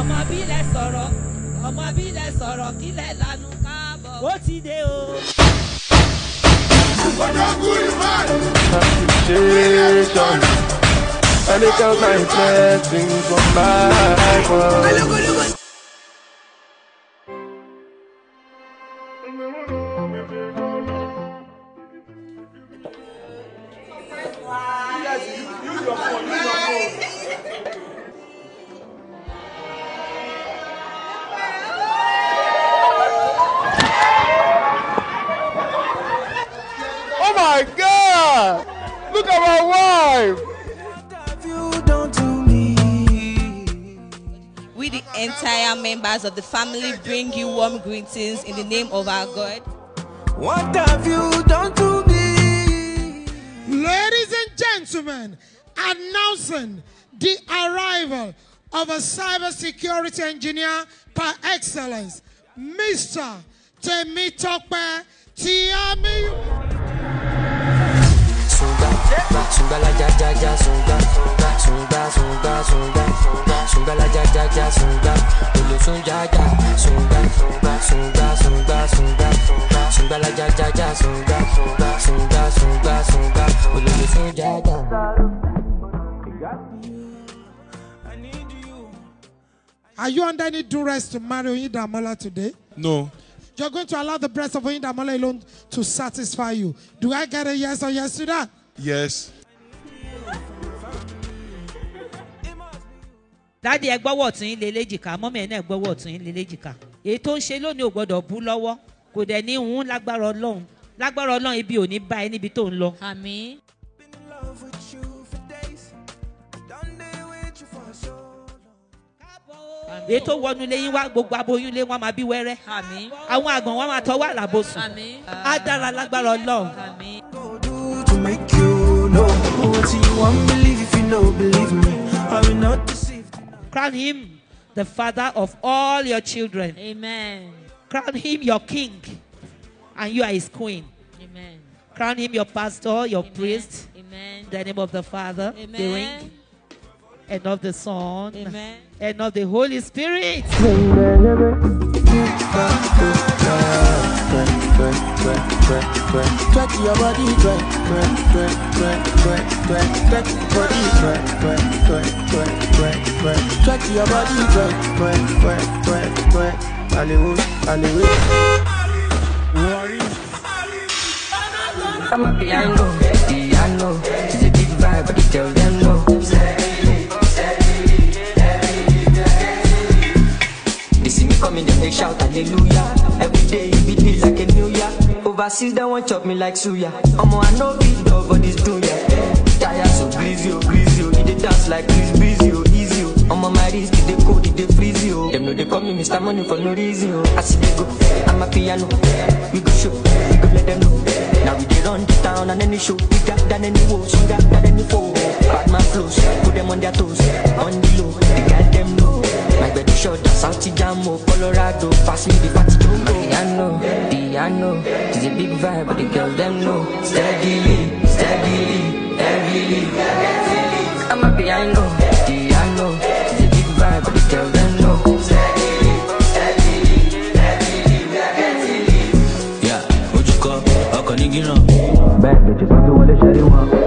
ọmọ bílẹ̀ sọ̀rọ̀ ọmọ bílẹ̀ sọ̀rọ̀ kílẹ̀ lanu káàbọ̀. ó ti dé o. Constitution, I make out my blessings for my world. Yes, use your phone, use your phone. Look at my wife. We, the entire members of the family, bring you warm greetings in the name of our God. What have you done to me? Ladies and gentlemen, announcing the arrival of a cybersecurity engineer by excellence, Mr. Temitope Tiamiyu. Are you under any duress to marry Oyindamola today? No. You're going to allow the breast of Oyindamola alone to satisfy you. Do I get a yes or yes to that? Yes. dáàdi ẹ tún yín lélẹ́jìká mọ́mí ẹ̀ náà gbọ́wọ́ tún yín lélẹ́jìká èyí tó ń ṣe lónìí ò gbọ́dọ̀ bú lọ́wọ́ kò dẹ̀ ní ń lágbára ọlọ́run lágbára ọlọ́run ibi ò bá ẹ níbi tó ń lọ. àmín. èyí tó wọnú léyìn wá gbogbo aboyún lé wọn máa bí wẹ́rẹ́ àmín àwọn àgàn wọn máa tọwọ́ àlàbòsùn àmín á dára lágbára ọlọ́run. àmín. to what you want believe if you no believe me i will not deceive. Crown him the father of all your children. Amen. Crown him your king, and you are his queen. Amen. Crown him your pastor, your Amen. priest. Amen. The name of the Father, Amen. the ring, and of the Son, Amen. and of the Holy Spirit work, check your body, work, work, work, work, work. Hollywood, Hollywood. I'm a piano, piano. She's a big vibe, I can tell them They see me coming, they shout hallelujah. Every day it be like a new year. Overseas, they want chop me like suya. I'm on no big dog, but this money for no reason. I see they go, I'm a piano. We go show, we go let them know. Now we dey run the town and any show. We got than any woes, we got than any foe. Bad man flows, put them on their toes. On the low, they got them low. My bed is short, Salty Jamo, Colorado. Pass me the party to Piano, piano. It's a big vibe, but the girls them know. Steadily, steadily, heavily. I'm a piano. you know. Bad bitches, I'm doing the shit